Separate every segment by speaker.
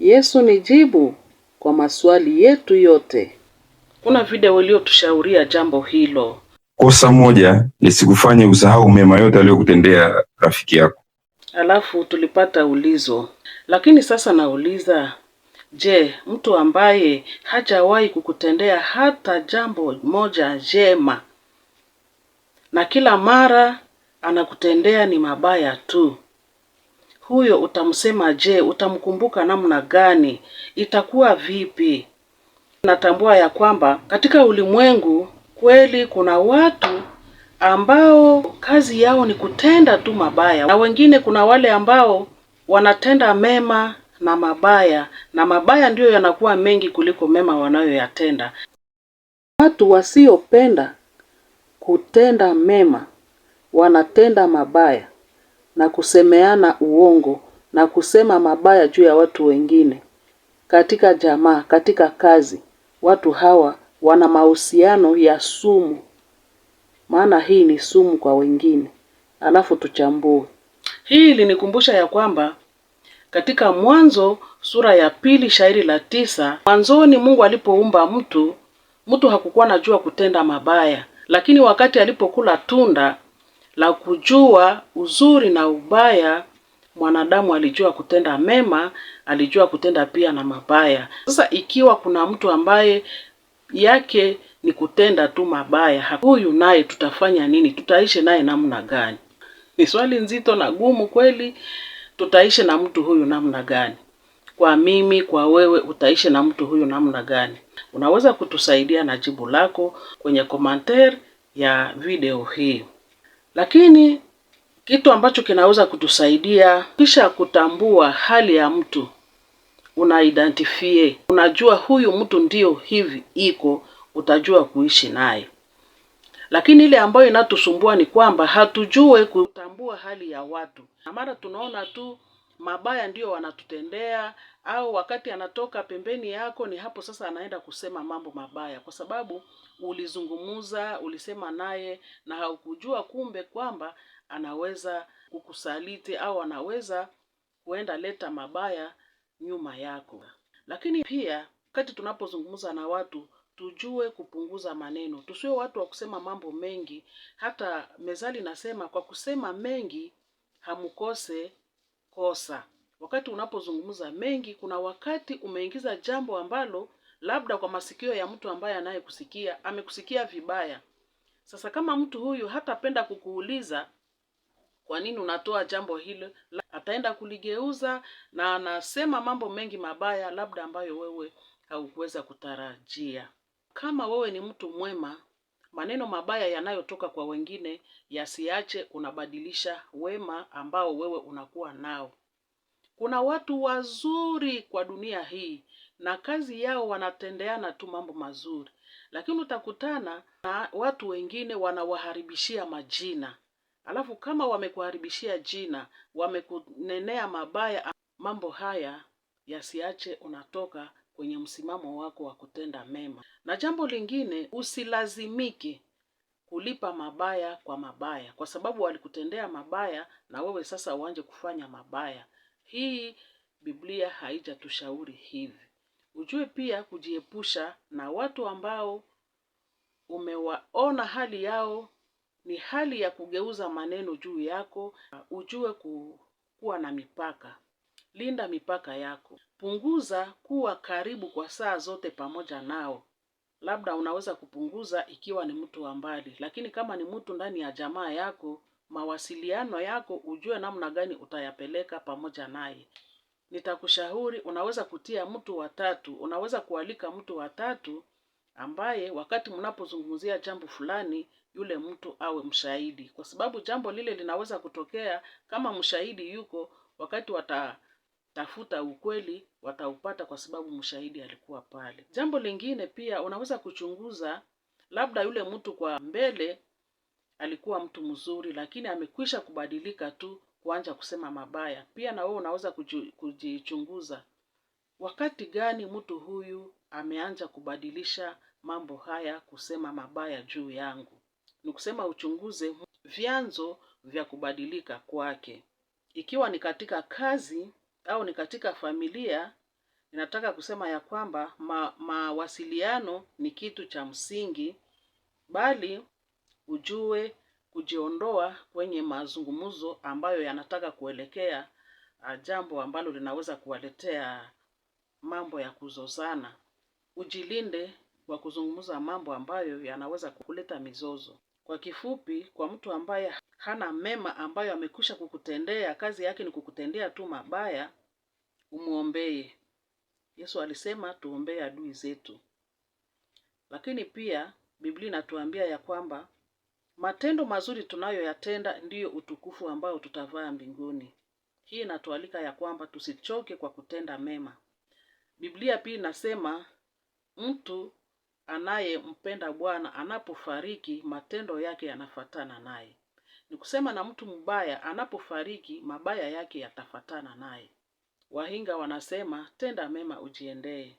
Speaker 1: Yesu ni jibu kwa maswali yetu yote.
Speaker 2: Kuna video iliyotushauria jambo hilo.
Speaker 3: Kosa moja lisikufanye usahau mema yote aliyokutendea rafiki yako.
Speaker 2: Alafu tulipata ulizo, lakini sasa nauliza, je, mtu ambaye hajawahi kukutendea hata jambo moja jema na kila mara anakutendea ni mabaya tu, huyo utamsema je? Utamkumbuka namna gani? Itakuwa vipi? Natambua ya kwamba katika ulimwengu kweli kuna watu ambao kazi yao ni kutenda tu mabaya, na wengine kuna wale ambao wanatenda mema na mabaya, na mabaya ndiyo yanakuwa mengi kuliko mema wanayoyatenda.
Speaker 4: Watu wasiopenda kutenda mema wanatenda mabaya na kusemeana uongo na kusema mabaya juu ya watu wengine. Katika jamaa, katika kazi, watu hawa wana mahusiano ya sumu, maana hii ni sumu kwa wengine. Alafu tuchambue
Speaker 2: hii. Ilinikumbusha ya kwamba katika Mwanzo sura ya pili shairi la tisa, mwanzoni Mungu alipoumba mtu, mtu hakukuwa jua kutenda mabaya, lakini wakati alipokula tunda la kujua uzuri na ubaya. Mwanadamu alijua kutenda mema, alijua kutenda pia na mabaya. Sasa ikiwa kuna mtu ambaye yake ni kutenda tu mabaya, huyu naye tutafanya nini? Tutaishi naye namna gani? Ni swali nzito na gumu kweli. Tutaishi na mtu huyu namna gani? Kwa mimi, kwa wewe, utaishi na mtu huyu namna gani? Unaweza kutusaidia na jibu lako kwenye komentari ya video hii. Lakini kitu ambacho kinaweza kutusaidia kisha kutambua hali ya mtu, una identify, unajua huyu mtu ndio hivi iko, utajua kuishi naye. Lakini ile ambayo inatusumbua ni kwamba hatujue kutambua hali ya watu, na mara tunaona tu mabaya ndiyo wanatutendea, au wakati anatoka pembeni yako, ni hapo sasa anaenda kusema mambo mabaya, kwa sababu ulizungumuza, ulisema naye na haukujua kumbe kwamba anaweza kukusaliti au anaweza kuenda leta mabaya nyuma yako. Lakini pia wakati tunapozungumza na watu tujue kupunguza maneno, tusiwe watu wa kusema mambo mengi. Hata mezali nasema kwa kusema mengi hamukose kosa. Wakati unapozungumza mengi, kuna wakati umeingiza jambo ambalo labda kwa masikio ya mtu ambaye anayekusikia amekusikia vibaya. Sasa kama mtu huyu hatapenda kukuuliza kwa nini unatoa jambo hilo, ataenda kuligeuza na anasema mambo mengi mabaya, labda ambayo wewe haukuweza kutarajia. Kama wewe ni mtu mwema, Maneno mabaya yanayotoka kwa wengine yasiache unabadilisha wema ambao wewe unakuwa nao. Kuna watu wazuri kwa dunia hii na kazi yao wanatendeana tu mambo mazuri, lakini utakutana na watu wengine wanawaharibishia majina. Alafu kama wamekuharibishia jina, wamekunenea mabaya, mambo haya yasiache unatoka kwenye msimamo wako wa kutenda mema. Na jambo lingine, usilazimike kulipa mabaya kwa mabaya, kwa sababu walikutendea mabaya na wewe sasa uanje kufanya mabaya. Hii Biblia haijatushauri hivi. Ujue pia kujiepusha na watu ambao umewaona hali yao ni hali ya kugeuza maneno juu yako. Ujue kuwa na mipaka. Linda mipaka yako. Punguza kuwa karibu kwa saa zote pamoja nao. Labda unaweza kupunguza ikiwa ni mtu wa mbali, lakini kama ni mtu ndani ya jamaa yako, mawasiliano yako ujue namna gani utayapeleka pamoja naye. Nitakushauri, unaweza kutia mtu wa tatu, unaweza kualika mtu wa tatu ambaye wakati mnapozungumzia jambo fulani, yule mtu awe mshahidi, kwa sababu jambo lile linaweza kutokea kama mshahidi yuko wakati wata tafuta ukweli wataupata, kwa sababu mshahidi alikuwa pale. Jambo lingine pia, unaweza kuchunguza labda yule mtu kwa mbele alikuwa mtu mzuri, lakini amekwisha kubadilika tu kuanja kusema mabaya. Pia na wewe unaweza kujichunguza, wakati gani mtu huyu ameanja kubadilisha mambo haya kusema mabaya juu yangu. Ni kusema uchunguze vyanzo vya kubadilika kwake, ikiwa ni katika kazi au ni katika familia, ninataka kusema ya kwamba ma, mawasiliano ni kitu cha msingi, bali ujue kujiondoa kwenye mazungumzo ambayo yanataka kuelekea ah, jambo ambalo linaweza kuwaletea mambo ya kuzozana. Ujilinde kwa kuzungumza mambo ambayo yanaweza kuleta mizozo. Kwa kifupi, kwa mtu ambaye hana mema ambayo amekwisha kukutendea, kazi yake ni kukutendea tu mabaya, umwombee. Yesu alisema tuombee adui zetu, lakini pia Biblia inatuambia ya kwamba matendo mazuri tunayoyatenda ndiyo utukufu ambao tutavaa mbinguni. Hii inatualika ya kwamba tusichoke kwa kutenda mema. Biblia pia inasema mtu anayempenda Bwana anapofariki matendo yake yanafatana naye. Ni kusema na mtu mbaya anapofariki mabaya yake yatafatana naye wahinga wanasema tenda mema ujiendee.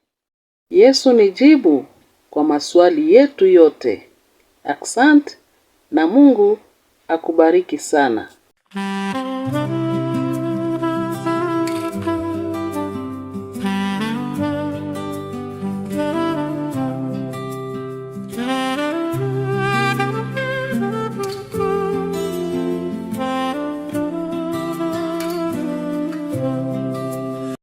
Speaker 1: Yesu ni jibu kwa maswali yetu yote. Aksant na Mungu akubariki sana.